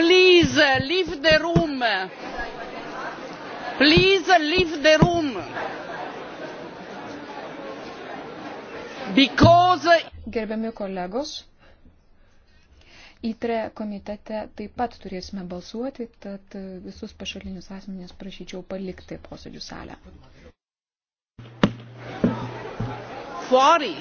please uh, leave the room please uh, leave the room because uh, gerbiami kolegos Įtre komitete taip pat turėsime balsuoti, tad visus pašalinius asmenės prašyčiau palikti posėdžių salę. Fuori!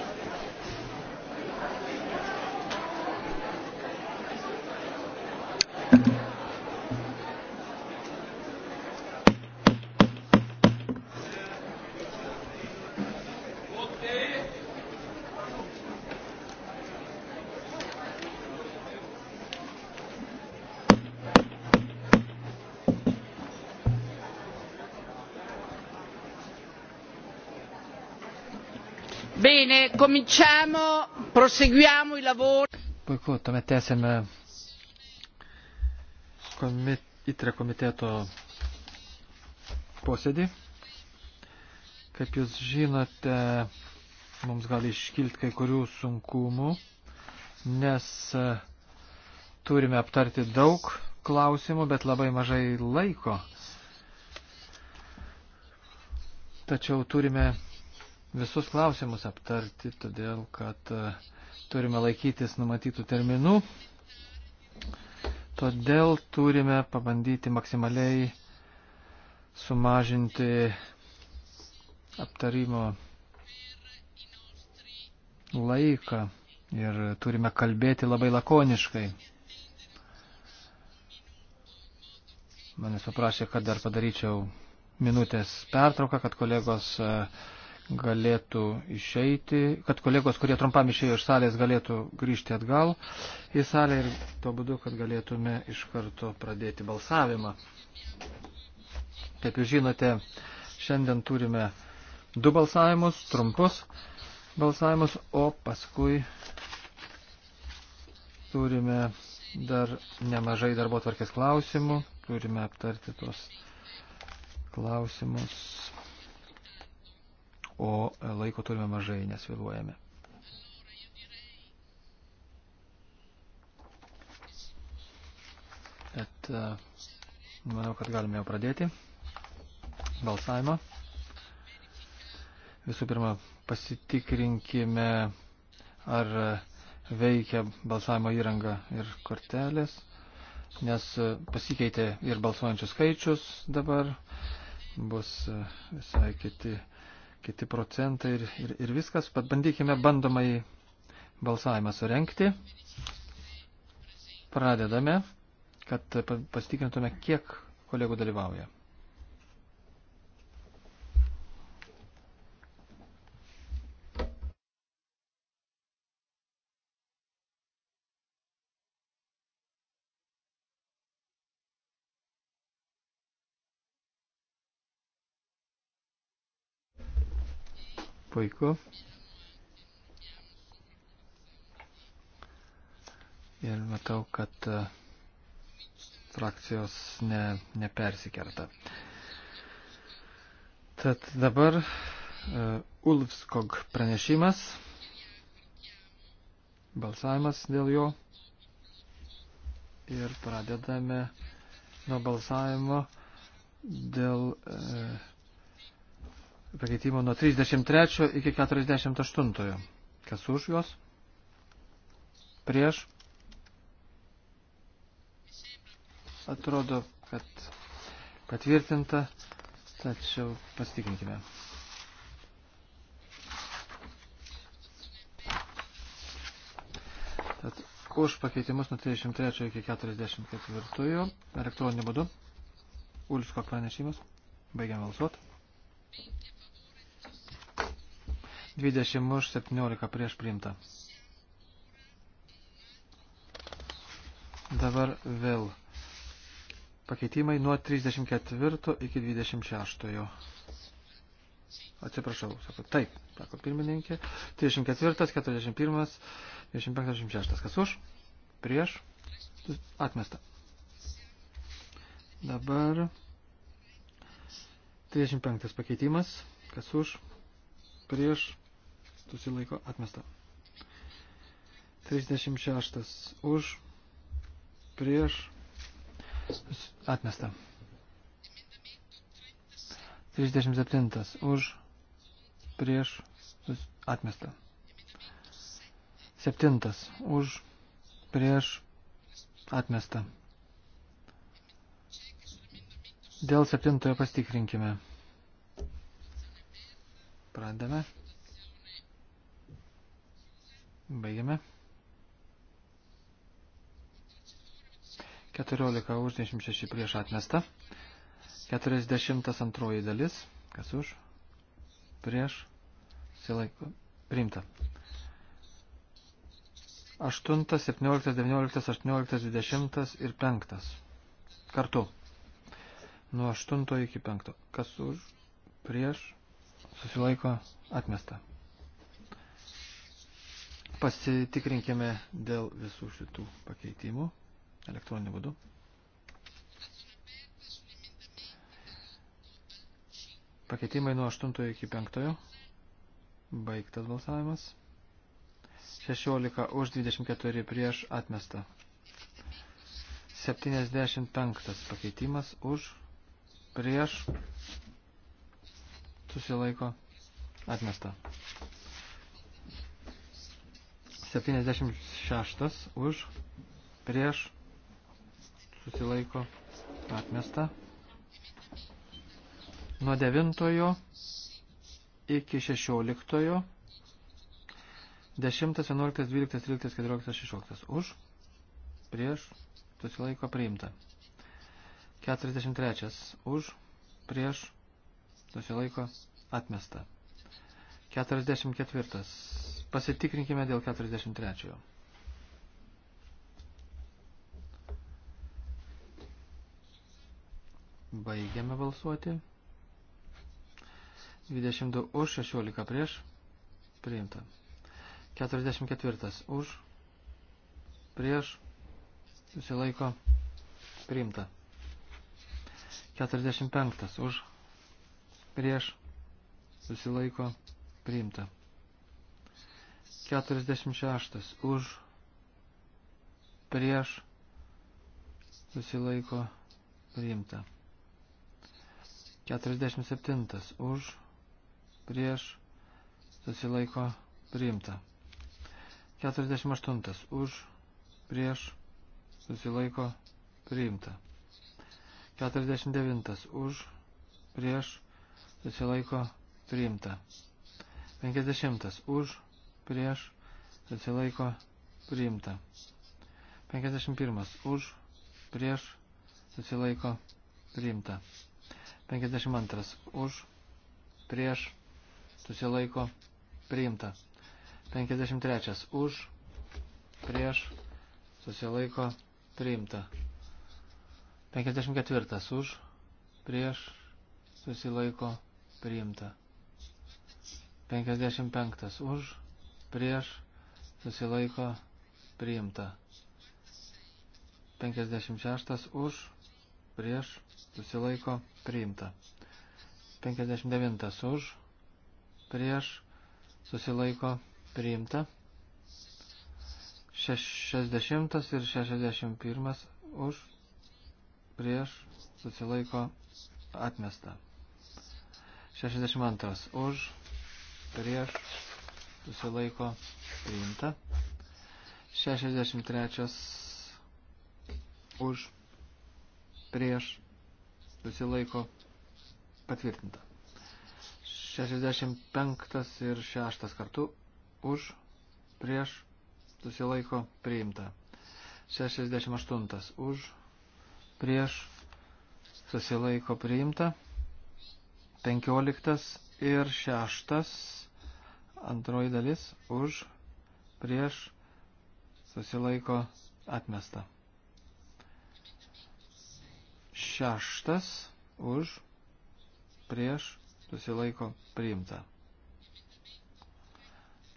Bene, cominciamo, proseguiamo i lavori. Puiku, tuomet tęsėme komit, įtre komiteto posėdį. Kaip jūs žinote, mums gali iškilti kai kurių sunkumų, nes e, turime aptarti daug klausimų, bet labai mažai laiko. Tačiau turime visus klausimus aptarti, todėl kad e, turime laikytis numatytų terminų. Todėl turime pabandyti maksimaliai sumažinti aptarimo laiką ir turime kalbėti labai lakoniškai. Mane suprašė, kad dar padaryčiau minutės pertrauką, kad kolegos uh, galėtų išeiti, kad kolegos, kurie trumpam išėjo iš salės, galėtų grįžti atgal į salę ir to būdu, kad galėtume iš karto pradėti balsavimą. Kaip jūs žinote, šiandien turime du balsavimus, trumpus balsavimus, o paskui turime dar nemažai darbo tvarkės klausimų, turime aptarti tuos klausimus o e, laiko turime mažai, nes vėluojame. Et, e, manau, kad galime jau pradėti balsavimą. Visų pirma, pasitikrinkime, ar veikia balsavimo įranga ir kortelės, nes pasikeitė ir balsuojančių skaičius dabar, bus e, visai kiti uh, kiti procentai ir, ir, ir viskas. Bandykime bandomai balsavimą surenkti. Pradedame, kad pasitikrintume, kiek kolegų dalyvauja. Puiku. Ir matau, kad e, frakcijos ne, nepersikerta. Tad dabar uh, Ulfskog pranešimas, balsavimas dėl jo ir pradedame nuo balsavimo dėl uh, pakeitimo nuo 33 iki 48. Kas už juos? Prieš? Atrodo, kad patvirtinta, tačiau pasitikinkime. Tad už pakeitimus nuo 33 iki 44 elektroniniu būdu. Ulsko pranešimas. Baigiam balsuoti. 20 už 17 prieš priimta. Dabar vėl pakeitimai nuo 34 iki 26. Atsiprašau, sako, taip, sako pirmininkė. 34, 41, 25, 26. Kas už? Prieš? Atmesta. Dabar 35 pakeitimas. Kas už? Prieš? susilaiko atmesta. 36 už, prieš, atmesta. 37 už, prieš, atmesta. 7 už, prieš, atmesta. Dėl septintojo pastikrinkime. Pradame. Baigiame. 14 už 26 prieš atmestą. 42 dalis. Kas už? Prieš. Silaiko. Priimta. 8, 17, 19, 18, 20 ir 5. Kartu. Nuo 8 iki 5. Kas už? Prieš. Susilaiko. Atmesta. Pasitikrinkime dėl visų šitų pakeitimų elektroniniu būdu. Pakeitimai nuo 8 iki 5. Baigtas balsavimas. 16 už 24 prieš atmestą. 75 pakeitimas už prieš susilaiko atmestą. 76 už prieš susilaiko atmesta. Nuo 9 iki 16. 10, 11, 12, 13, 14, 16. Už, prieš, susilaiko priimta. 43. Už, prieš, susilaiko atmesta. 44. Pasitikrinkime dėl 43. Baigiame balsuoti. 22 už, 16 prieš. Priimta. 44 už, prieš. Susilaiko. Priimta. 45 už, prieš. Susilaiko. Priimta. 46 už, prieš, susilaiko priimta. 47 už, prieš, susilaiko priimta. 48 už, prieš, susilaiko priimta. 49 už, prieš, susilaiko priimta. 50 už, prieš, atsilaiko, priimta. 51. Už, prieš, atsilaiko, priimta. 52. Už, prieš, susilaiko, priimta. 53. Už, prieš, susilaiko, priimta. 54. Už, prieš, susilaiko, priimta. 55. Už, prieš, susilaiko priimta. 56 už, prieš, susilaiko priimta. 59 už, prieš, susilaiko priimta. 60 ir 61 už, prieš, susilaiko atmesta. 62 už, prieš, susilaiko priimta. 63 už prieš susilaiko patvirtinta. 65 ir 6 kartu už prieš susilaiko priimta. 68 už prieš susilaiko priimta. 15 ir 6 Antroji dalis už, prieš, susilaiko atmesta. Šeštas už, prieš, susilaiko priimta.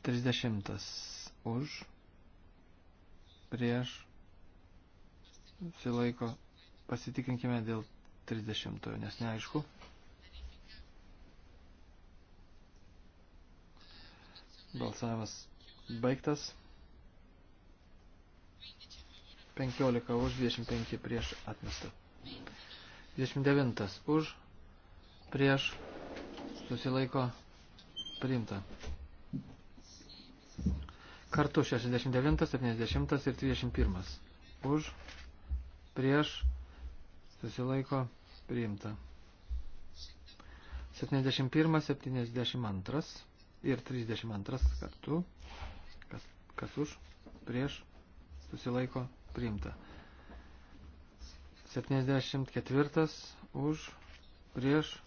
Trisdešimtas už, prieš, susilaiko. Pasitikrinkime dėl 30, nes neaišku. Balsavimas baigtas. 15 už, 25 prieš atmestą. 29 už, prieš, susilaiko, priimta. Kartu 69, 70 ir 21. Už, prieš, susilaiko, priimta. 71, 72 ir 32 kartu, kas, kas už, prieš, susilaiko, priimta. 74 už, prieš,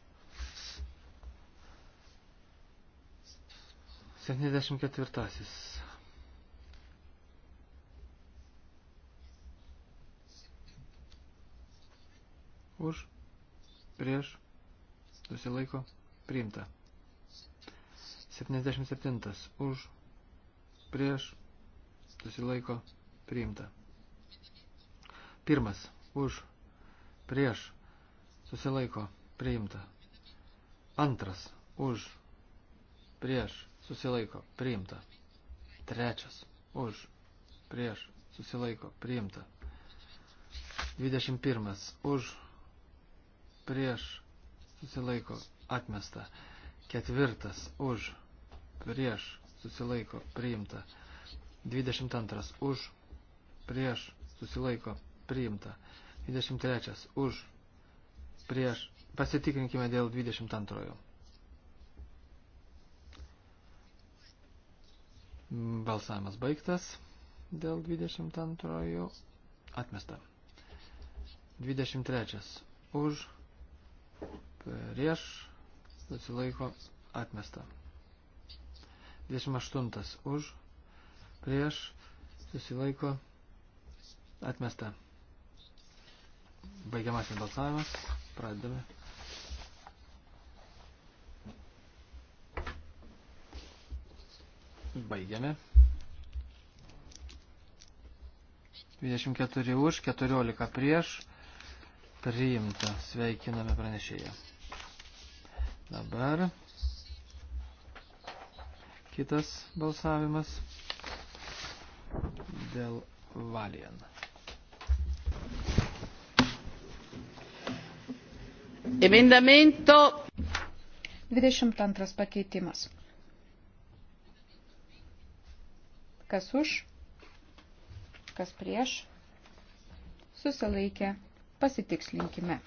74. Už, prieš, susilaiko, priimta. 77 už prieš susilaiko priimta. Pirmas už prieš susilaiko priimta. Antras už prieš susilaiko priimta. Trečias už prieš susilaiko priimta. 21 už prieš susilaiko atmesta. Ketvirtas už prieš prieš, susilaiko, priimta. 22 už, prieš, susilaiko, priimta. 23 už, prieš, pasitikrinkime dėl 22. Balsavimas baigtas dėl 22. Atmesta. 23. Už, prieš, susilaiko, atmesta. 28 už, prieš, susilaiko, atmesta. Baigiamasis balsavimas, pradedame. Baigiame. 24 už, 14 prieš, priimta, sveikiname pranešėją. Dabar Kitas balsavimas dėl Valian. Emendamento 22 pakeitimas. Kas už, kas prieš, susilaikė, pasitikslinkime.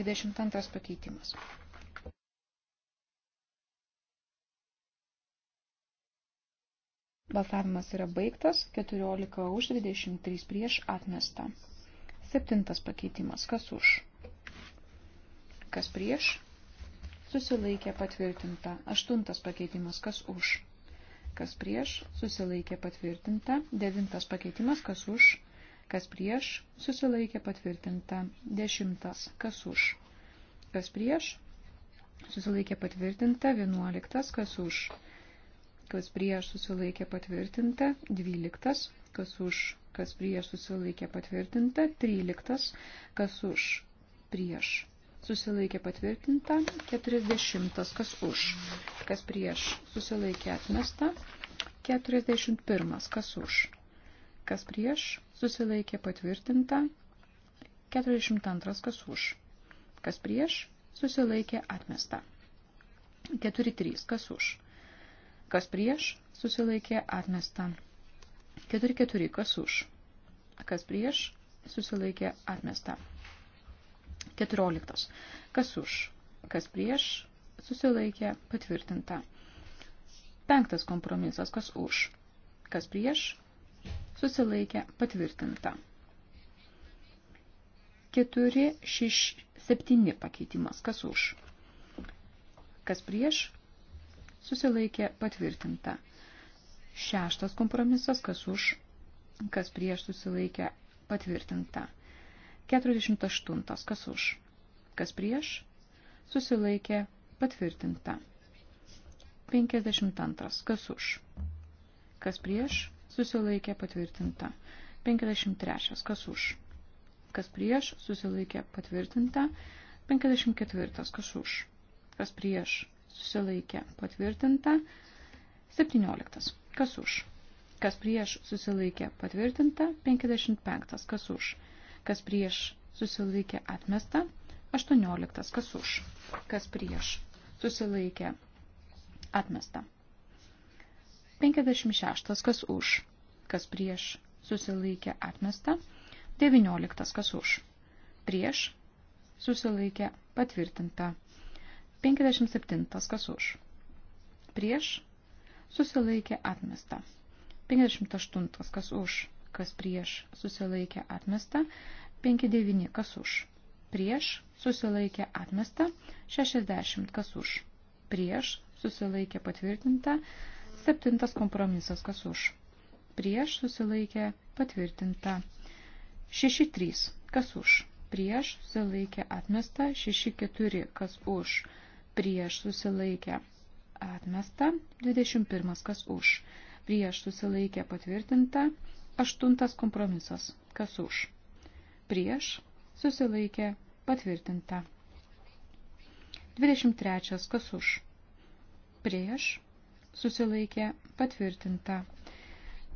22 pakeitimas. Balsavimas yra baigtas, 14 už, 23 prieš atmesta. Septintas pakeitimas, kas už? Kas prieš? Susilaikė patvirtinta. Aštuntas pakeitimas, kas už? Kas prieš? Susilaikė patvirtinta. Devintas pakeitimas, kas už? Kas prieš? Susilaikė patvirtinta. Dešimtas, kas už? Kas prieš? Susilaikė patvirtinta. Vienuoliktas, kas už? kas prieš susilaikė patvirtinta, 12, kas už, kas prieš susilaikė patvirtinta, 13, kas už, prieš susilaikė patvirtinta, 40, kas už, kas prieš susilaikė atmesta, 41, kas už, kas prieš susilaikė patvirtinta, 42, kas už, kas prieš susilaikė atmesta, 43, kas už Kas prieš susilaikė atmesta. 4-4. Kas už? Kas prieš susilaikė atmesta. 14. Kas už? Kas prieš susilaikė patvirtinta. Penktas kompromisas. Kas už? Kas prieš susilaikė patvirtinta. 4, 6, 7 pakeitimas. Kas už? Kas prieš susilaikė patvirtinta. Šeštas kompromisas, kas už, kas prieš susilaikė patvirtinta. 48. Kas už, kas prieš susilaikė patvirtinta. 52. Kas už, kas prieš susilaikė patvirtinta. 53. Kas už, kas prieš susilaikė patvirtinta. 54. Kas už, kas prieš susilaikė patvirtinta. 17. Kas už? Kas prieš susilaikė patvirtinta. 55. Kas už? Kas prieš susilaikė atmesta. 18. Kas už? Kas prieš susilaikė atmesta. 56. Kas už? Kas prieš susilaikė atmesta. 19. Kas už? Prieš susilaikė patvirtinta. 57. Kas už? Prieš susilaikė atmesta. 58. Kas už? Kas prieš susilaikė atmesta. 59. Kas už? Prieš susilaikė atmesta. 60. Kas už? Prieš susilaikė patvirtinta. 7. Kompromisas. Kas už? Prieš susilaikė patvirtinta. 6.3. Kas už? Prieš susilaikė atmesta. 6.4. Kas už? prieš susilaikę atmesta, 21 kas už, prieš susilaikę patvirtinta, 8 kompromisas kas už, prieš susilaikę patvirtinta, 23 kas už, prieš susilaikė patvirtinta,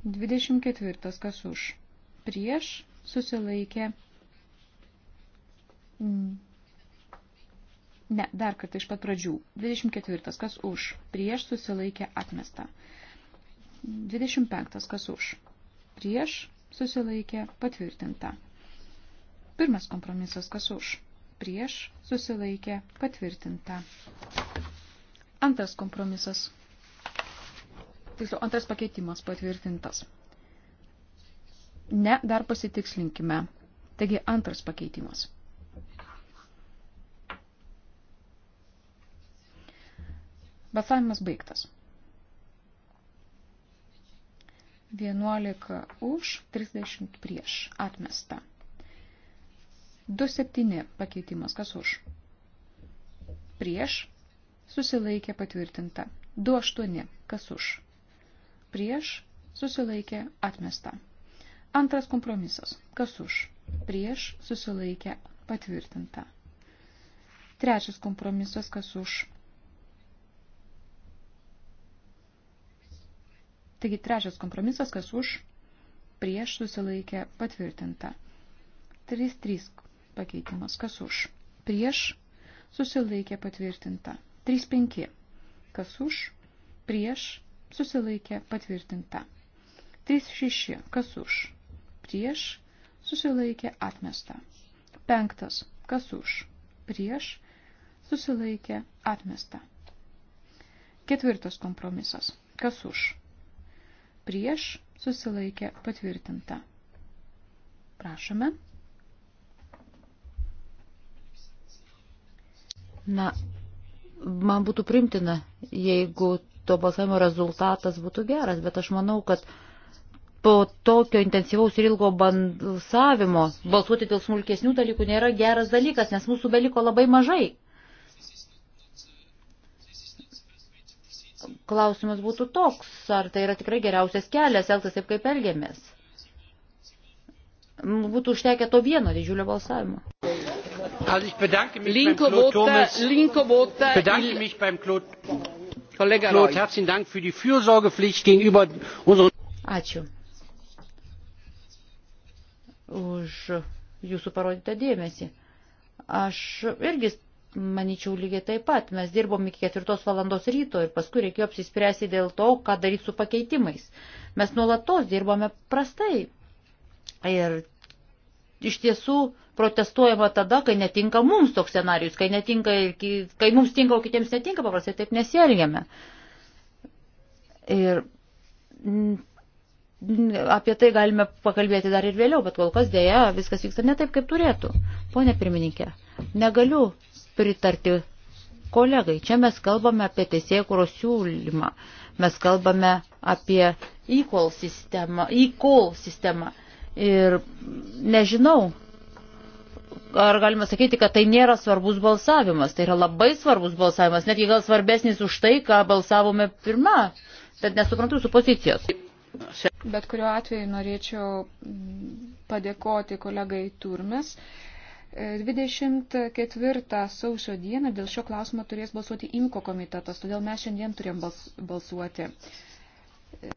24 kas už, prieš susilaikė patvirtinta Ne, dar kartą iš pat pradžių. 24. Kas už? Prieš susilaikė atmesta. 25. Kas už? Prieš susilaikė patvirtinta. Pirmas kompromisas. Kas už? Prieš susilaikė patvirtinta. Antras kompromisas. Tiksliau, antras pakeitimas patvirtintas. Ne, dar pasitikslinkime. Taigi antras pakeitimas. Balsavimas baigtas. 11 už, 30 prieš. Atmesta. 2-7 pakeitimas. Kas už? Prieš. Susilaikė patvirtinta. 2-8. Kas už? Prieš. Susilaikė atmesta. Antras kompromisas. Kas už? Prieš. Susilaikė patvirtinta. Trečias kompromisas. Kas už? Taigi trečias kompromisas, kas už, prieš susilaikė patvirtinta. 3.3 pakeitimas, kas už, prieš susilaikė patvirtinta. 3.5 kas už, prieš susilaikė patvirtinta. 3.6 kas už, prieš susilaikė atmesta. 5. kas už, prieš susilaikė atmesta. Ketvirtas kompromisas. Kas už? prieš susilaikė patvirtinta. Prašome. Na, man būtų primtina, jeigu to balsavimo rezultatas būtų geras, bet aš manau, kad po tokio intensyvaus ir ilgo balsavimo balsuoti dėl smulkesnių dalykų nėra geras dalykas, nes mūsų beliko labai mažai. klausimas būtų toks, ar tai yra tikrai geriausias kelias elgtis taip, kaip elgiamės. Būtų užtekę to vieno didžiulio balsavimo. Linko vota, linko vota. Bedanke mich beim Claude. Kollege Claude, herzlichen Dank für die Fürsorgepflicht gegenüber unseren. Ačiū. Už jūsų parodytą dėmesį. Aš irgi manyčiau, lygiai taip pat. Mes dirbom iki ketvirtos valandos ryto ir paskui reikėjo apsispręsti dėl to, ką daryti su pakeitimais. Mes nuolatos dirbome prastai. Ir iš tiesų protestuojama tada, kai netinka mums toks scenarius, kai, netinka, kai mums tinka, o kitiems netinka, paprastai taip nesielgiame. Ir apie tai galime pakalbėti dar ir vėliau, bet kol kas dėja viskas vyksta ne taip, kaip turėtų. Pone pirmininkė, negaliu pritarti kolegai. Čia mes kalbame apie teisėkūros siūlymą, mes kalbame apie e-call sistemą, e-call sistemą. Ir nežinau, ar galima sakyti, kad tai nėra svarbus balsavimas, tai yra labai svarbus balsavimas, netgi gal svarbesnis už tai, ką balsavome pirmą. Tad nesuprantu su pozicijos. Bet kuriuo atveju norėčiau padėkoti kolegai Turmes 24 sausio dieną dėl šio klausimo turės balsuoti IMKO komitetas, todėl mes šiandien turėjom balsuoti.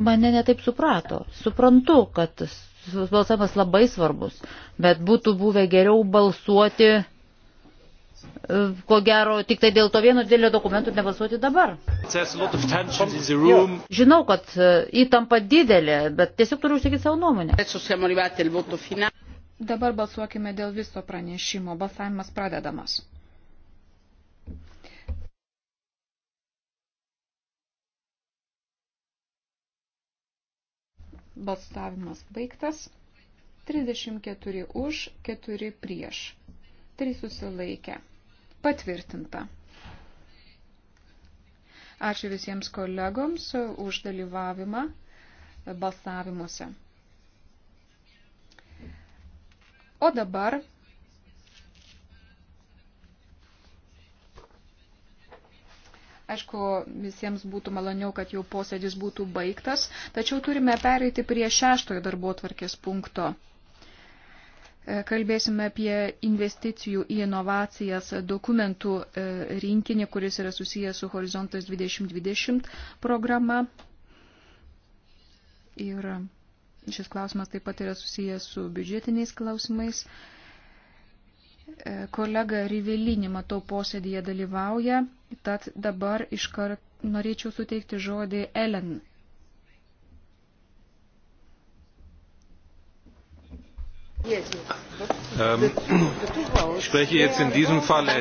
Mane netaip suprato. Suprantu, kad balsavimas labai svarbus, bet būtų buvę geriau balsuoti, e, ko gero, tik tai dėl to vieno didelio dokumento nebalsuoti dabar. Žinau, kad e, įtampa didelė, bet tiesiog turiu užsakyti savo nuomonę. Dabar balsuokime dėl viso pranešimo. Balsavimas pradedamas. Balsavimas baigtas. 34 už, 4 prieš. 3 susilaikė. Patvirtinta. Ačiū visiems kolegoms už dalyvavimą balsavimuose. O dabar Aišku, visiems būtų maloniau, kad jau posėdis būtų baigtas, tačiau turime pereiti prie šeštojo darbo tvarkės punkto. E, kalbėsime apie investicijų į inovacijas dokumentų e, rinkinį, kuris yra susijęs su Horizontas 2020 programa. Ir Šis klausimas taip pat yra susijęs su biudžetiniais klausimais. E, kolega Rivelinį matau posėdėje dalyvauja, tad dabar iškart norėčiau suteikti žodį Ellen. Ähm, ich spreche jetzt in diesem Falle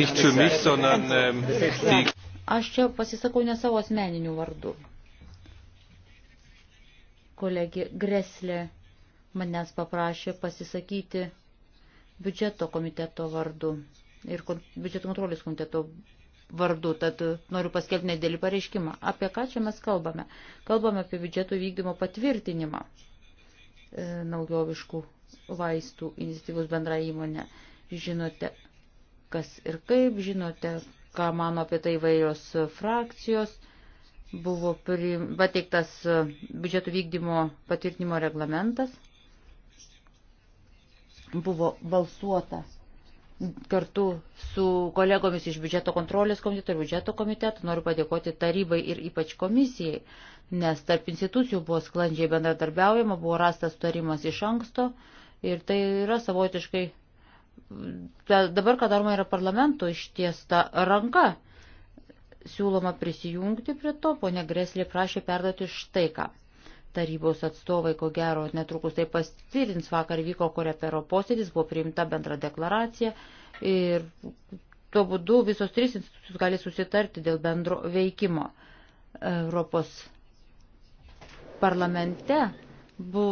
nicht für mich, sondern ähm, die. Aš čia pasisakau ne savo asmeniniu vardu. Kolegė Greslė manęs paprašė pasisakyti biudžeto komiteto vardu ir biudžeto kontrolės komiteto vardu, tad noriu paskelbti nedėlį pareiškimą. Apie ką čia mes kalbame? Kalbame apie biudžeto vykdymo patvirtinimą e, naujoviškų vaistų iniciatyvus bendra įmonė. Žinote, kas ir kaip, žinote, ką mano apie tai vairios frakcijos. E, buvo pateiktas e, biudžeto vykdymo patvirtinimo reglamentas. Buvo balsuota kartu su kolegomis iš biudžeto kontrolės komiteto ir biudžeto komiteto. Noriu padėkoti tarybai ir ypač komisijai, nes tarp institucijų buvo sklandžiai bendradarbiaujama, buvo rastas tarimas iš anksto ir tai yra savotiškai. Dabar, ką daroma yra parlamento ištiesta ranka siūloma prisijungti prie to, ponė Greslė prašė perduoti štai ką. Tarybos atstovai, ko gero, netrukus tai pastirins, vakar vyko korepero posėdis, buvo priimta bendra deklaracija ir tuo būdu visos trys institucijos gali susitarti dėl bendro veikimo. Europos parlamente bu,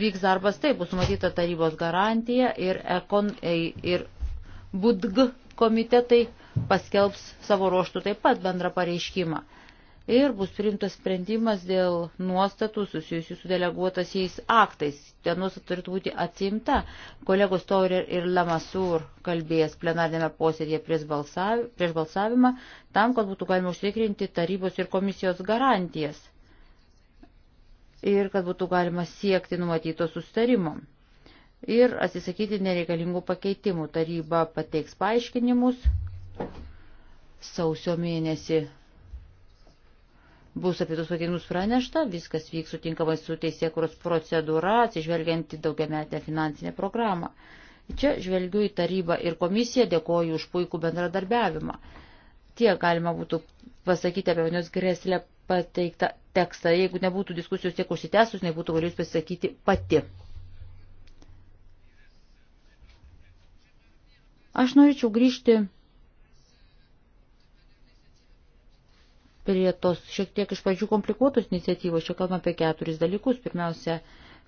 vyks darbas taip, bus numatyta tarybos garantija ir, ekon, ir budg komitetai paskelbs savo ruoštų taip pat bendrą pareiškimą. Ir bus priimtas sprendimas dėl nuostatų susijusių su deleguotasiais aktais. Ten nuostata turėtų būti atsimta. Kolegos Taurer ir Lamasur kalbės plenarnėme posėdėje prieš balsavimą, tam, kad būtų galima užtikrinti tarybos ir komisijos garantijas ir kad būtų galima siekti numatyto sustarimo. Ir atsisakyti nereikalingų pakeitimų. Taryba pateiks paaiškinimus, Sausio mėnesį bus apie tos pakeitimus pranešta, viskas vyks sutinkamai su teisėkuros procedūra, atsižvelgianti daugiametę finansinę programą. Čia žvelgiu į tarybą ir komisiją, dėkoju už puikų bendradarbiavimą. Tie galima būtų pasakyti apie Vanios Greslę pateiktą tekstą. Jeigu nebūtų diskusijos tiek užsitęsus, nebūtų galėjus pasisakyti pati. Aš norėčiau grįžti prie tos šiek tiek iš pradžių komplikuotos iniciatyvos. Čia kalbame apie keturis dalykus. Pirmiausia,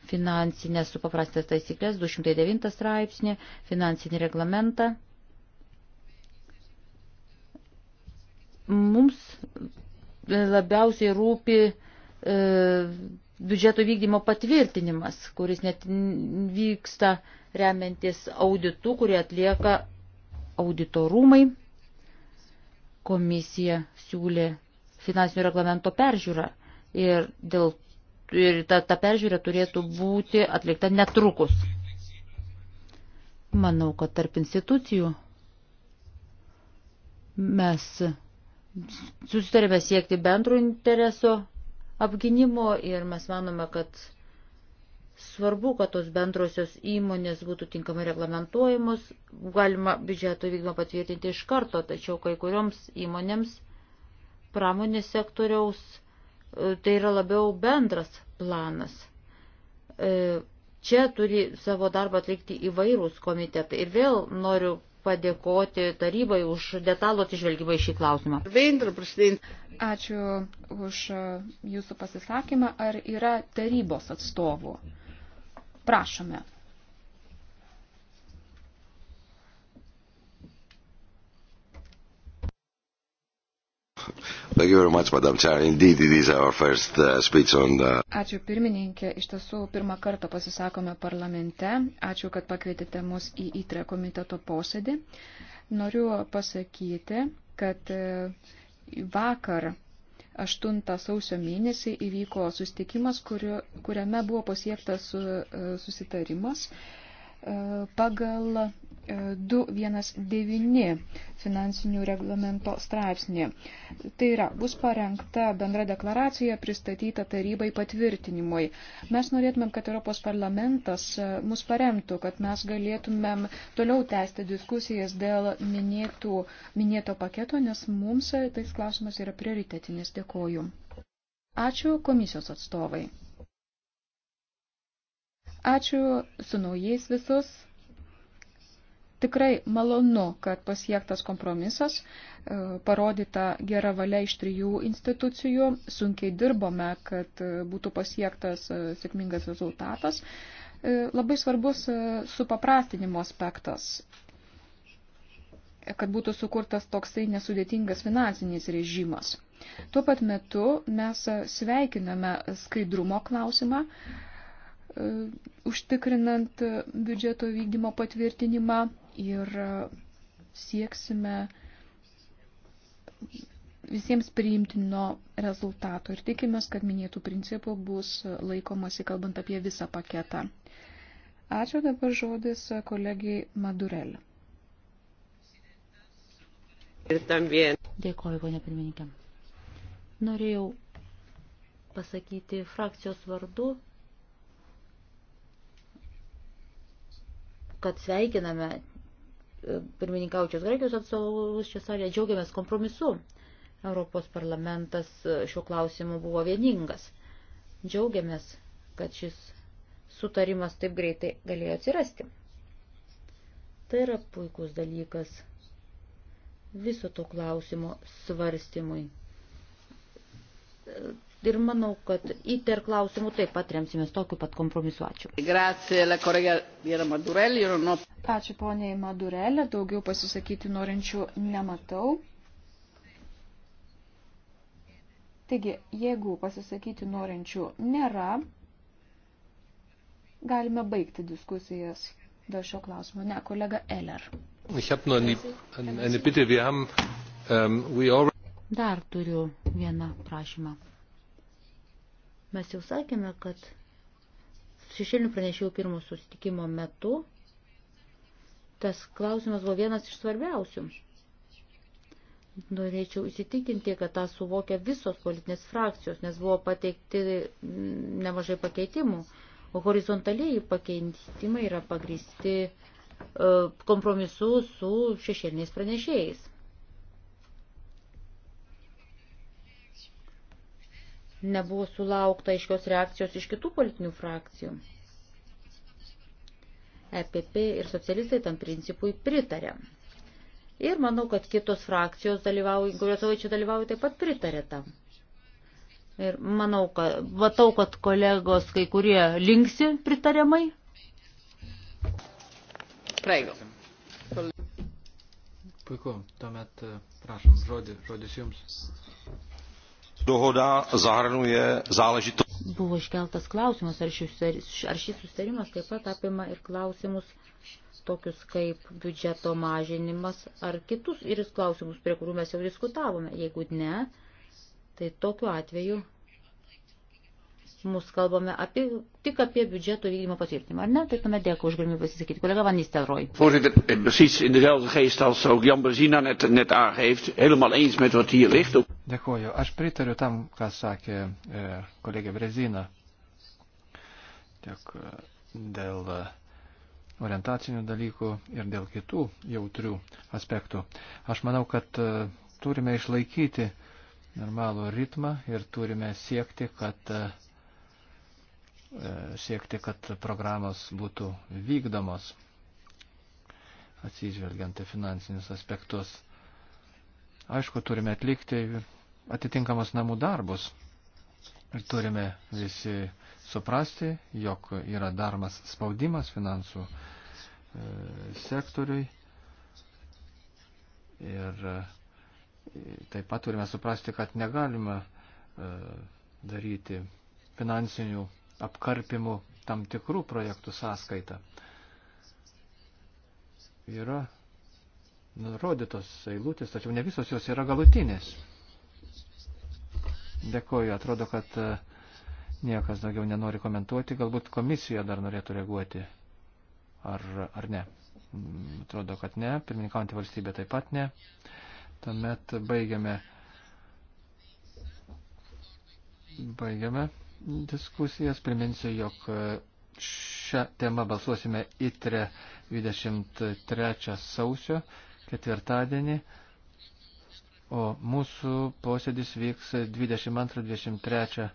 finansinės supaprastas taisyklės, 209 straipsnį, finansinį reglamentą. Mums e, labiausiai rūpi e, biudžeto vykdymo patvirtinimas, kuris net vyksta remiantis auditu, kurį atlieka auditorumai. Komisija siūlė finansinio reglamento peržiūra. Ir, dėl, ir ta, ta peržiūra turėtų būti atlikta netrukus. Manau, kad tarp institucijų mes susitarėme siekti bendro intereso apginimo ir mes manome, kad svarbu, kad tos bendrosios įmonės būtų tinkamai reglamentuojamos. Galima biudžeto vykdymą patvirtinti iš karto, tačiau kai kurioms įmonėms pramonės sektoriaus e, tai yra labiau bendras planas. E, čia turi savo darbą atlikti įvairūs komitetai. Ir vėl noriu padėkoti tarybai už detalų atsižvelgimą į šį klausimą. Ačiū už jūsų pasisakymą. Ar yra tarybos atstovų? Prašome. Thank you very much, Madam Chair. Indeed, it is our first uh, speech on the... Ačiū pirmininkė. Iš tiesų, pirmą kartą pasisakome parlamente. Ačiū, kad pakvietėte mus į įtrę komiteto posėdį. Noriu pasakyti, kad e, vakar 8 sausio mėnesį įvyko sustikimas, kuriu, kuriame buvo pasiektas e, susitarimas e, pagal 219 e, finansinių reglamento straipsnį. Tai yra, bus parengta bendra deklaracija pristatyta tarybai patvirtinimui. Mes norėtumėm, kad Europos parlamentas e, mus paremtų, kad mes galėtumėm toliau tęsti diskusijas dėl minėtų, minėto paketo, nes mums e, tais klausimas yra prioritetinis. Dėkoju. Ačiū komisijos atstovai. Ačiū su naujais visus. Tikrai malonu, kad pasiektas kompromisas, e, parodyta gera valia iš trijų institucijų, sunkiai dirbome, kad e, būtų pasiektas e, sėkmingas rezultatas. Labai svarbus supaprastinimo aspektas, kad būtų sukurtas toksai nesudėtingas finansinis režimas. Tuo pat metu mes sveikiname skaidrumo klausimą, užtikrinant biudžeto vykdymo patvirtinimą ir e, sieksime visiems priimtino rezultato ir tikimės, kad minėtų principų bus laikomasi, kalbant apie visą paketą. Ačiū dabar žodis kolegijai Madurel. Dėkoju, ponė pirmininkė. Norėjau pasakyti frakcijos vardu, kad sveikiname pirmininkaučios Graikijos atstovus čia salėje džiaugiamės kompromisu. Europos parlamentas šiuo klausimu buvo vieningas. Džiaugiamės, kad šis sutarimas taip greitai galėjo atsirasti. Tai yra puikus dalykas viso to klausimo svarstymui ir manau, kad įter klausimų taip pat remsimės tokiu pat kompromisu. Ačiū. Ačiū poniai Madurelė, daugiau pasisakyti norinčių nematau. Taigi, jeigu pasisakyti norinčių nėra, galime baigti diskusijas dėl šio klausimo. Ne, kolega Eller. Ähm, Dar turiu vieną prašymą. Mes jau sakėme, kad šešėlinių pranešėjų pirmo susitikimo metu tas klausimas buvo vienas iš svarbiausių. Norėčiau įsitikinti, kad tą suvokia visos politinės frakcijos, nes buvo pateikti mm, nemažai pakeitimų, o horizontaliai pakeitimai yra pagristi e, kompromisu su šešėliniais pranešėjais. nebuvo sulaukta aiškios reakcijos iš kitų politinių frakcijų. EPP ir socialistai tam principui pritarė. Ir manau, kad kitos frakcijos, kurios savo čia dalyvauja, taip pat pritarė tam. Ir manau, kad matau, kad kolegos kai kurie linksi pritariamai. Praigo. Puiku, tuomet e, prašom žodį, žodis jums. Dohoda zahrnuje záležitost. Buvo iškeltas klausimas, ar šis, ar šis sustarimas taip pat apima ir klausimus tokius kaip biudžeto mažinimas ar kitus ir klausimus, prie kurių mes jau diskutavome. Jeigu ne, tai tokiu atveju mus kalbame apie, tik apie biudžeto vykdymo patvirtinimą. Ar ne? Tai tuomet dėkui už galimybę pasisakyti. Kolega Van Nistelrooy. Voorzitter, eh, precies in dezelfde geest als ook Jan Bezina net, net aangeeft, helemaal eens met wat hier ligt. Dėkuoju. Aš pritariu tam, ką sakė e, kolegė Brezina. Tiek e, dėl e, orientacinių dalykų ir dėl kitų jautrių aspektų. Aš manau, kad e, turime išlaikyti normalų ritmą ir turime siekti, kad, e, e siekti, kad programos būtų vykdomos, atsižvelgiant į finansinius aspektus. Aišku, turime atlikti atitinkamus namų darbus. Ir turime visi suprasti, jog yra daromas spaudimas finansų e, sektoriui. Ir e, taip pat turime suprasti, kad negalima e, daryti finansinių apkarpimų tam tikrų projektų sąskaitą. Yra nurodytos eilutės, tačiau ne visos jos yra galutinės. Dėkoju, atrodo, kad e, niekas daugiau nenori komentuoti, galbūt komisija dar norėtų reaguoti, ar, ar ne. Mm, atrodo, kad ne, pirmininkaujantį valstybę taip pat ne. Tuomet baigiame, baigiame diskusijas, priminsiu, jog e, šią temą balsuosime ITRE 23 sausio ketvirtadienį o mūsų posėdis vyks 22-23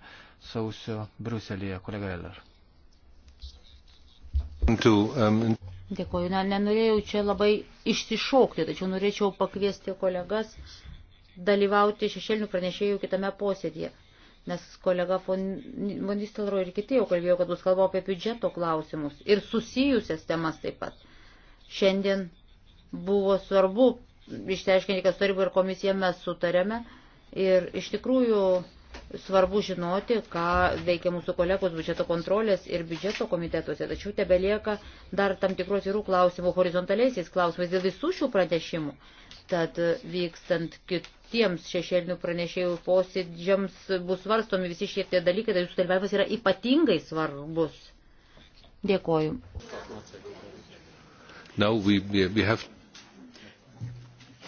sausio Bruselėje, kolega Eller. Um, Dėkoju, ne, nenorėjau čia labai išsišokti, tačiau norėčiau pakviesti kolegas dalyvauti šešėlinių pranešėjų kitame posėdėje, nes kolega von Distelro ir kiti jau kalbėjo, kad bus kalba apie biudžeto klausimus ir susijusias temas taip pat. Šiandien buvo svarbu išteiškinti, kad taryba ir komisija mes sutarėme. Ir iš tikrųjų svarbu žinoti, ką veikia mūsų kolegos biudžeto kontrolės ir biudžeto komitetuose. Tačiau tebe lieka dar tam tikrų atvirų klausimų horizontaliaisiais klausimais dėl visų šių pranešimų. Tad vykstant kitiems šešėlinių pranešėjų posėdžiams bus svarstomi visi šie tie dalykai, tai jūsų dalyvavimas yra ypatingai svarbus. Dėkoju. Now we, we have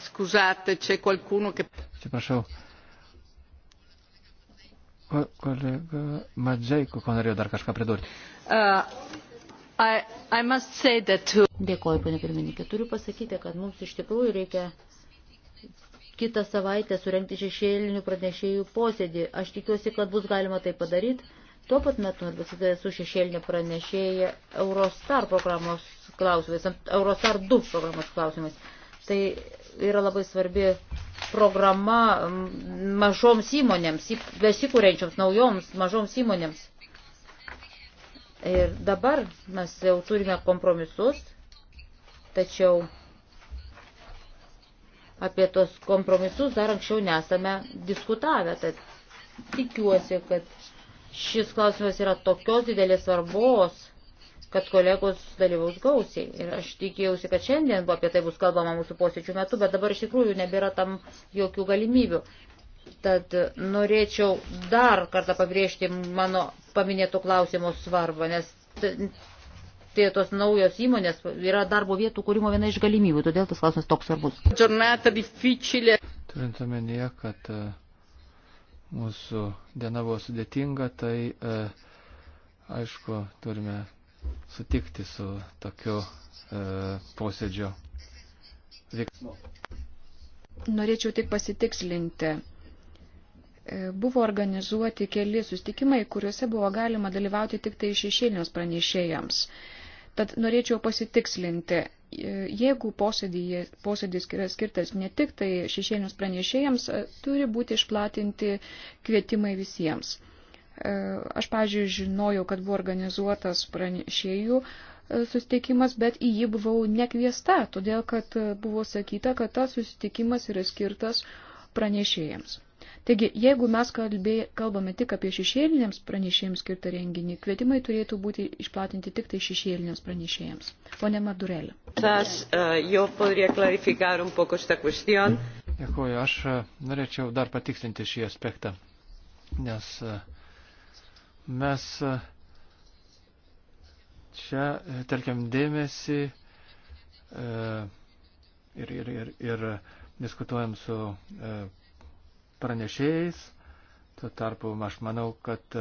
Scusate, c'è qualcuno che... Atsiprašau. Ko, kolega Madžeiko, ko norėjo dar kažką pridurti. Uh, I, I to... Dėkoju, ponė pirmininkė. Turiu pasakyti, kad mums iš tikrųjų reikia kitą savaitę surenkti šešėlinių pranešėjų posėdį. Aš tikiuosi, kad bus galima tai padaryti. Tuo pat metu visada esu šešėlinė pranešėja Eurostar programos klausimais, Eurostar 2 programos klausimais. Tai yra labai svarbi programa mažoms įmonėms, besikūrenčioms naujoms mažoms įmonėms. Ir dabar mes jau turime kompromisus, tačiau apie tos kompromisus dar anksčiau nesame diskutavę. Tad tikiuosi, kad šis klausimas yra tokios didelės svarbos kad kolegos dalyvaus gausiai. Ir aš tikėjausi, kad šiandien apie tai bus kalbama mūsų posėdžių metu, bet dabar iš tikrųjų nebėra tam jokių galimybių. Tad norėčiau dar kartą pabrėžti mano paminėto klausimo svarbą, nes tai tos naujos įmonės yra darbo vietų kūrimo viena iš galimybių, todėl tas klausimas toks svarbus. Turint omenyje, kad e, mūsų diena buvo sudėtinga, tai e, aišku, turime sutikti su tokiu e, posėdžio veiksmu. Norėčiau tik pasitikslinti. E, buvo organizuoti keli sustikimai, kuriuose buvo galima dalyvauti tik tai šešėlinios pranešėjams. Tad norėčiau pasitikslinti, e, jeigu posėdį, posėdis yra skirtas ne tik tai šešėlinius pranešėjams, e, turi būti išplatinti kvietimai visiems. E, aš, pažiūrėjau, žinojau, kad buvo organizuotas pranešėjų e, susitikimas, bet į jį buvau nekviesta, todėl kad e, buvo sakyta, kad tas susitikimas yra skirtas pranešėjams. Taigi, jeigu mes kalbė, kalbame tik apie šešėliniams pranešėjams skirtą renginį, kvietimai turėtų būti išplatinti tik tai šešėliniams pranešėjams. Pone Madurelė. Dėkuoju, aš norėčiau dar patikslinti šį aspektą, nes uh, Mes e, čia e, telkiam dėmesį e, ir, ir, ir, ir diskutuojam su pranešėjais. Tuo tarpu aš manau, kad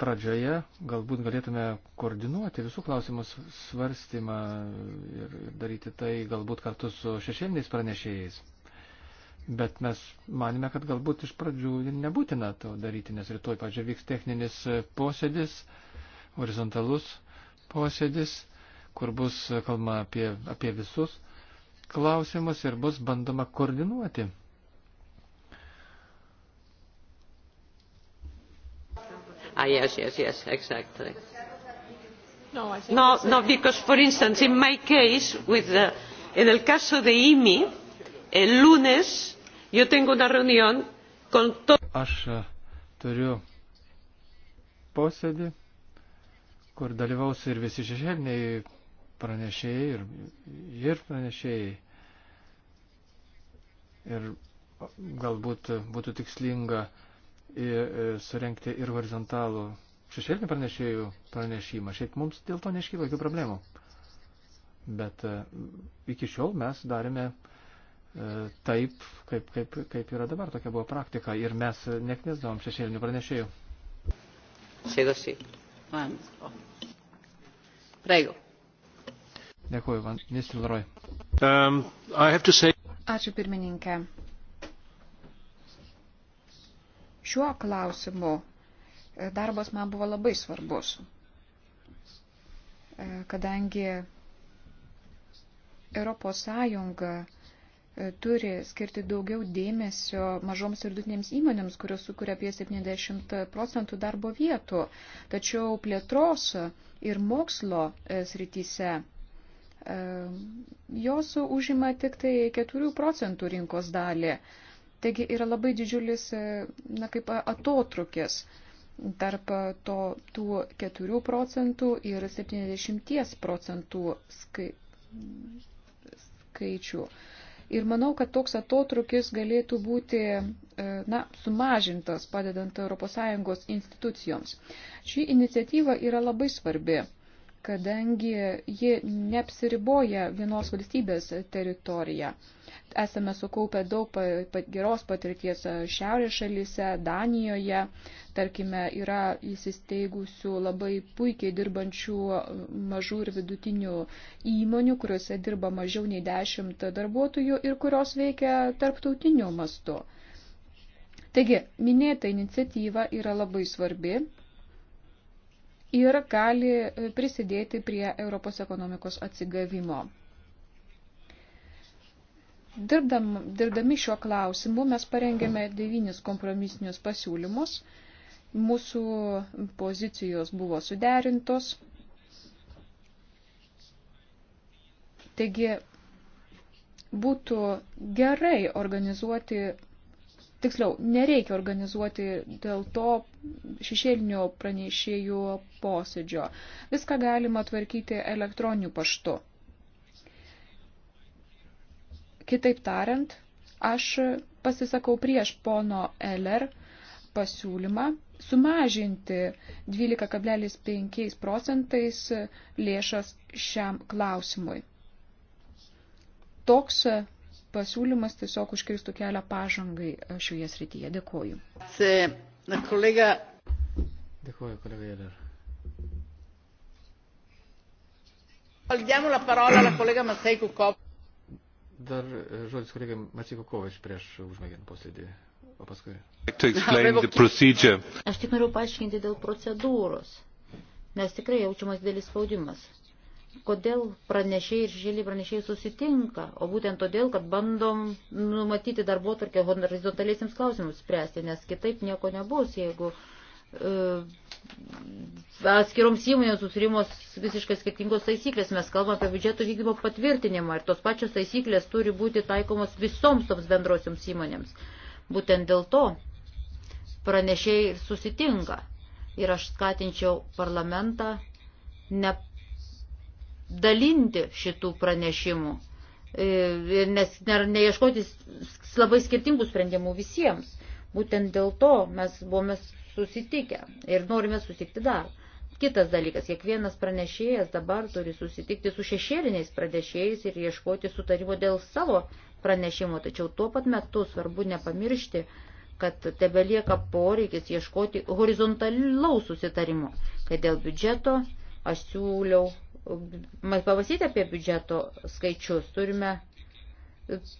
pradžioje galbūt galėtume koordinuoti visų klausimų svarstymą ir daryti tai galbūt kartu su šešėliniais pranešėjais. Bet mes manime, kad galbūt iš pradžių nebūtina to daryti, nes rytoj, pažiūrėjau, vyks techninis posėdis, horizontalus posėdis, kur bus kalbama apie, apie visus klausimus ir bus bandoma koordinuoti. Ah, yes, yes, yes, exactly. No, no, no, because for instance, in my case, with the, en el caso de IMI, el lunes yo tengo una reunión con Aš e, turiu posėdį, kur dalyvaus ir visi šešėliniai pranešėjai ir, ir pranešėjai. Ir galbūt būtų tikslinga e, surenkti ir horizontalų šešėlinių pranešėjų pranešimą. Šiaip mums dėl to neškyla jokių problemų. Bet e, iki šiol mes darėme uh, E, taip, kaip, kaip, kaip yra dabar, tokia buvo praktika ir mes neknesdavom šešėlinių pranešėjų. Sėdosi. Prego. Dėkuoju, Van Nistilroj. Um, say... Ačiū pirmininkė. Šiuo klausimu e, darbas man buvo labai svarbus, e, kadangi Europos Sąjunga E, turi skirti daugiau dėmesio mažoms ir vidutinėms įmonėms, kurios sukuria apie 70 procentų darbo vietų. Tačiau plėtros ir mokslo e, srityse e, jos užima tik tai 4 procentų rinkos dalį. Taigi yra labai didžiulis, na kaip atotrukis tarp to, tų 4 procentų ir 70 procentų skai, skaičių. Uh, Ir manau, kad toks atotrukis galėtų būti e, na, sumažintas padedant ES institucijoms. Ši iniciatyva yra labai svarbi kadangi ji neapsiriboja vienos valstybės teritoriją. Esame sukaupę daug pa, pa, geros patirties šiaurės šalyse, Danijoje, tarkime, yra įsisteigusių labai puikiai dirbančių mažų ir vidutinių įmonių, kuriuose dirba mažiau nei dešimt darbuotojų ir kurios veikia tarptautiniu mastu. Taigi, minėta iniciatyva yra labai svarbi ir gali e, prisidėti prie Europos ekonomikos atsigavimo. Dirbdam, dirbdami šiuo klausimu mes parengėme devynis kompromisinius pasiūlymus. Mūsų pozicijos buvo suderintos. Taigi būtų gerai organizuoti tiksliau, nereikia organizuoti dėl to šešėlinių pranešėjų posėdžio. Viską galima tvarkyti elektroniniu paštu. Kitaip tariant, aš pasisakau prieš pono Eller pasiūlymą sumažinti 12,5 procentais lėšas šiam klausimui. Toks pasiūlymas tiesiog užkirstų kelią pažangai e, šioje srityje. Dėkuoju. Kolega... Dėkuoju, kolega Jeler. Diamo la parola alla collega Mattei Kukov. Dar e, žodis kolegai Mattei Kukovič prieš užmėgiant posėdį, o paskui. Aš tik noriu paaiškinti dėl procedūros, nes tikrai jaučiamas didelis spaudimas kodėl pranešiai ir žėliai pranešiai susitinka, o būtent todėl, kad bandom numatyti darbo tarkę horizontaliesiams klausimams spręsti, nes kitaip nieko nebus, jeigu uh, atskiroms įmonėms susirimos visiškai skirtingos taisyklės, mes kalbame apie biudžeto vykdymo patvirtinimą ir tos pačios taisyklės turi būti taikomos visoms toms bendrosioms įmonėms. Būtent dėl to pranešiai susitinka ir aš skatinčiau parlamentą ne dalinti šitų pranešimų, e, nes neieškoti labai skirtingų sprendimų visiems. Būtent dėl to mes buvome susitikę ir norime susitikti dar. Kitas dalykas, kiekvienas pranešėjas dabar turi susitikti su šešėliniais pranešėjais ir ieškoti sutarimo dėl savo pranešimo, tačiau tuo pat metu svarbu nepamiršti, kad tebelieka poreikis ieškoti horizontalaus susitarimo, kad dėl biudžeto aš siūliau pavasyti apie biudžeto skaičius, turime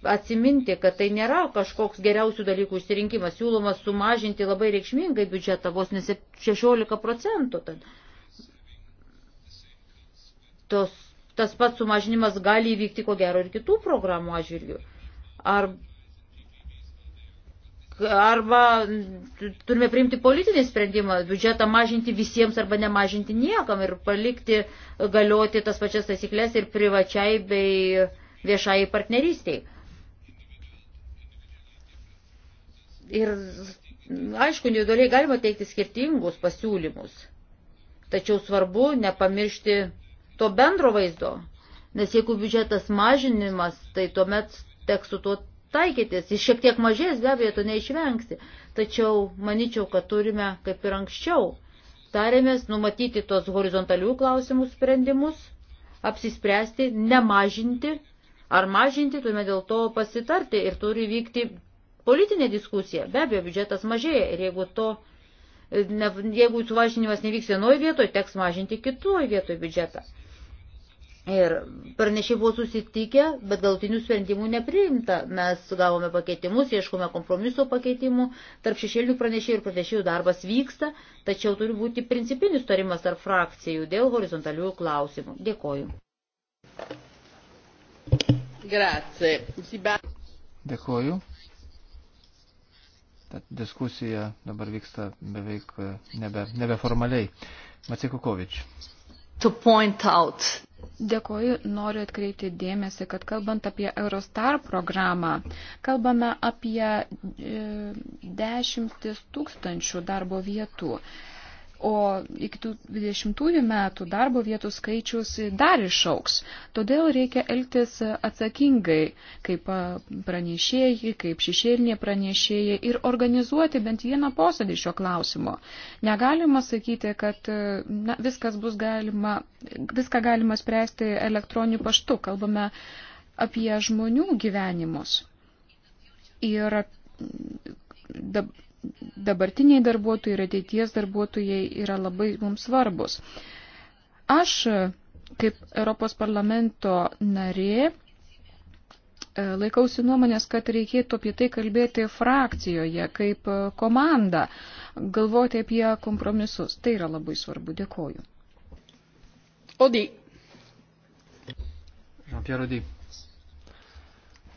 atsiminti, kad tai nėra kažkoks geriausių dalykų išsirinkimas. Siūloma sumažinti labai reikšmingai biudžetą, vos ne 16 procentų. Tad. Tos, tas pats sumažinimas gali įvykti ko gero ir kitų programų atžvilgių. Ar arba turime priimti politinį sprendimą, biudžetą mažinti visiems arba nemažinti niekam ir palikti galioti tas pačias taisyklės ir privačiai bei viešai partnerystiai. Ir aišku, individualiai galima teikti skirtingus pasiūlymus, tačiau svarbu nepamiršti to bendro vaizdo, nes jeigu biudžetas mažinimas, tai tuomet teks su tuo taikytis. Jis šiek tiek mažės, be abejo, tu neišvengsi. Tačiau manyčiau, kad turime, kaip ir anksčiau, tarėmės numatyti tos horizontalių klausimų sprendimus, apsispręsti, nemažinti ar mažinti, turime dėl to pasitarti ir turi vykti politinė diskusija. Be abejo, biudžetas mažėja ir jeigu to. Ne, jeigu suvažinimas nevyks vienoje vietoje, teks mažinti kitoje vietoje biudžetą. Ir pranešiai buvo susitikę, bet galutinių sprendimų nepriimta. Mes gavome pakeitimus, ieškome kompromiso pakeitimų, tarp šešėlių pranešėjų ir pranešėjų darbas vyksta, tačiau turi būti principinis tarimas tarp frakcijų dėl horizontalių klausimų. Dėkoju. Grazie. Dėkoju. Tad diskusija dabar vyksta beveik e, nebe, nebeformaliai. Macikukovič. To point out Dėkoju, noriu atkreipti dėmesį, kad kalbant apie Eurostar programą, kalbame apie e, dešimtis tūkstančių darbo vietų. E, o iki 20 metų darbo vietų skaičius dar išauks. Todėl reikia elgtis atsakingai, kaip pranešėjai, kaip šešėlinė pranešėjai ir organizuoti bent vieną posėdį šio klausimo. Negalima sakyti, kad e, na, viskas bus galima, viską galima spręsti elektroniniu paštu. Kalbame apie žmonių gyvenimus. Ir dabartiniai darbuotojai ir ateities darbuotojai yra labai mums svarbus. Aš kaip Europos parlamento narė e, laikausi nuomonės, kad reikėtų apie tai kalbėti frakcijoje, kaip komanda, galvoti apie kompromisus. Tai yra labai svarbu. Dėkoju. Odi. Jean-Pierre Odi.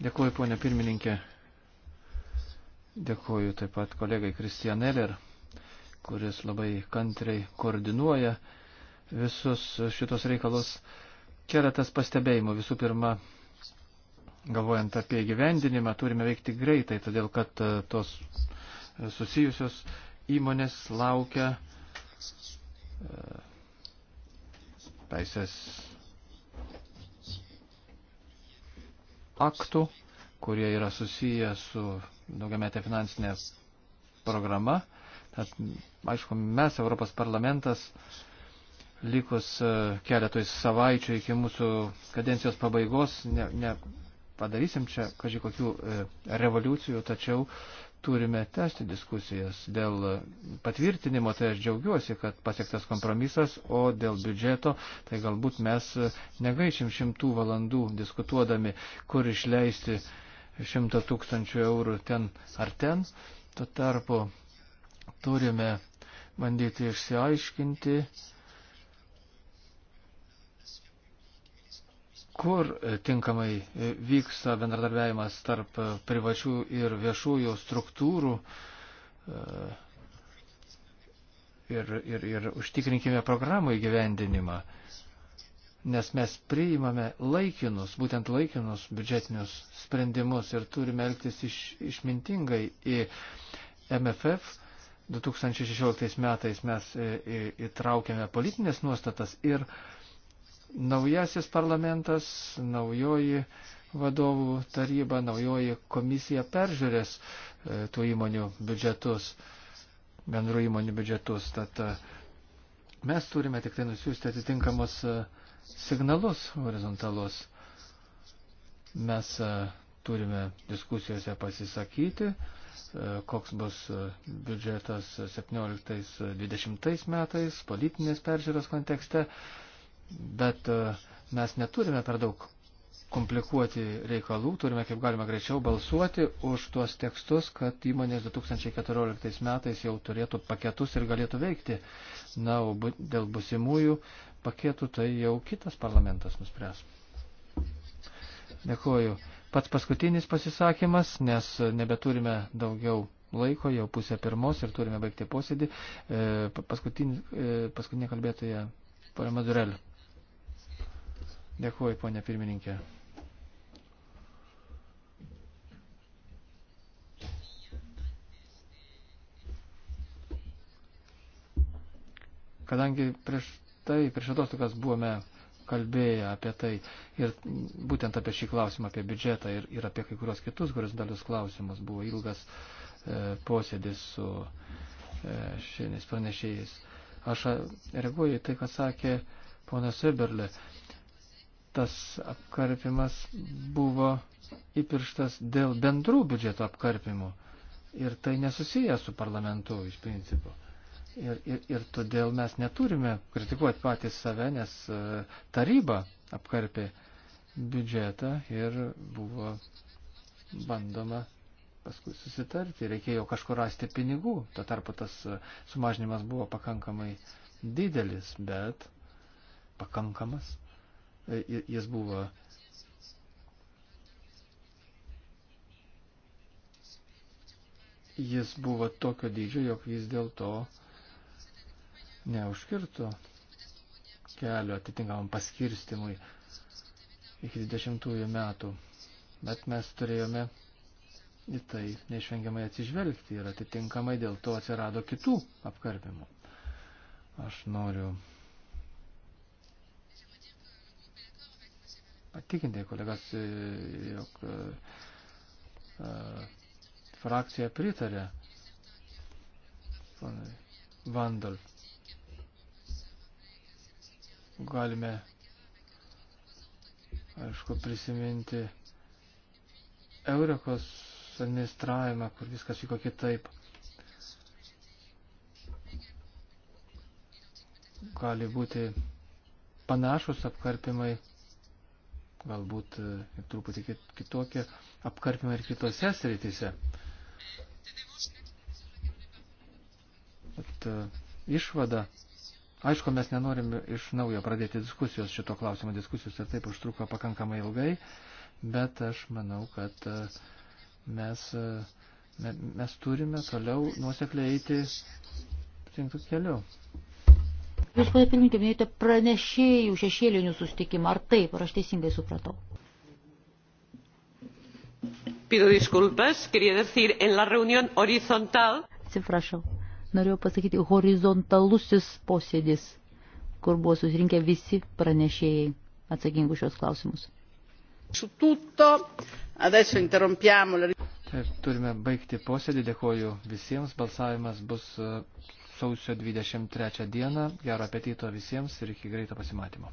Dėkoju, ponė pirmininkė. Dėkuoju taip pat kolegai Kristian Eller, kuris labai kantriai koordinuoja visus šitos reikalus. Keletas pastebėjimų. Visų pirma, galvojant apie gyvendinimą, turime veikti greitai, todėl kad e, tos e, susijusios įmonės laukia e, teisės aktų kurie yra susiję su daugiametė finansinė programa. Tad, aišku, mes, Europos parlamentas, likus e, keletoj savaičių iki mūsų kadencijos pabaigos, ne, ne padarysim čia kažkokių e, revoliucijų, tačiau turime tęsti diskusijas dėl patvirtinimo, tai aš džiaugiuosi, kad pasiektas kompromisas, o dėl biudžeto, tai galbūt mes e, negaišim šimtų valandų diskutuodami, kur išleisti uh, 100 tūkstančių eurų ten ar ten. Tuo tarpu turime bandyti išsiaiškinti, kur tinkamai vyksta bendradarbiavimas tarp privačių ir viešųjų struktūrų e, ir, ir, ir užtikrinkime programų įgyvendinimą nes mes priimame laikinus, būtent laikinus biudžetinius sprendimus ir turime elgtis iš, išmintingai į MFF. 2016 metais mes e, e, įtraukėme politinės nuostatas ir naujasis parlamentas, naujoji vadovų taryba, naujoji komisija peržiūrės e, tų įmonių biudžetus, bendrų įmonių biudžetus. Tad mes turime tik tai nusiųsti atitinkamus uh, signalus horizontalus. Mes e, turime diskusijose pasisakyti, e, koks bus e, biudžetas 17-20 metais politinės peržiūros kontekste, bet mes neturime per daug komplikuoti reikalų, turime kaip galima greičiau balsuoti už tuos tekstus, kad įmonės 2014 metais jau turėtų paketus ir galėtų veikti. Na, o dėl busimųjų paketų, tai jau kitas parlamentas nuspręs. Dėkuoju. Pats paskutinis pasisakymas, nes nebeturime daugiau laiko, jau pusę pirmos ir turime baigti posėdį. E, paskutinė, e, paskutinė kalbėtoja, ponia Madurel. Dėkuoju, ponia pirmininkė. Kadangi prieš tai prieš atostogas buvome kalbėję apie tai ir būtent apie šį klausimą, apie biudžetą ir, ir apie kai kurios kitus horizontalius klausimus buvo ilgas e, posėdis su e, šiandienis pranešėjais. Aš reaguoju tai, ką sakė ponas Eberle. Tas apkarpimas buvo įpirštas dėl bendrų biudžeto apkarpimų ir tai nesusiję su parlamentu iš principo. Ir, ir, ir todėl mes neturime kritikuoti patys save, nes e, taryba apkarpė biudžetą ir buvo bandoma paskui susitarti, reikėjo kažkur rasti pinigų, tuo tarpu tas e, sumažinimas buvo pakankamai didelis, bet pakankamas, e, jis buvo jis buvo tokio dydžio, jog vis dėlto to neužkirtų kelio atitinkamam paskirstimui iki 20 metų. Bet mes turėjome į tai neišvengiamai atsižvelgti ir atitinkamai dėl to atsirado kitų apkarpimų. Aš noriu patikinti kolegas, jog a, e, frakcija pritarė Vandal Galime, aišku, prisiminti Eurekos administravimą, kur viskas vyko kitaip. Gali būti panašus apkarpimai, galbūt e, ir truputį kitokie apkarpimai ir kitose srityse. Bet e, išvada Aišku, mes nenorim iš naujo pradėti diskusijos šito klausimo. Diskusijos ir taip užtruko pakankamai ilgai, bet aš manau, kad e, mes, e, mes turime toliau nuosekliai eiti rinktų keliu. Jūs, kodėl pirmininkė, minėjote pranešėjų šešėlinių sustikimą. Ar taip, ar aš teisingai supratau? Pido disculpas, quería decir, en la reunión horizontal. Atsiprašau norėjau pasakyti, horizontalusis posėdis, kur buvo susirinkę visi pranešėjai atsakingų šios klausimus. Taip, turime baigti posėdį, dėkoju visiems, balsavimas bus e, sausio 23 dieną, gero apetito visiems ir iki greito pasimatymo.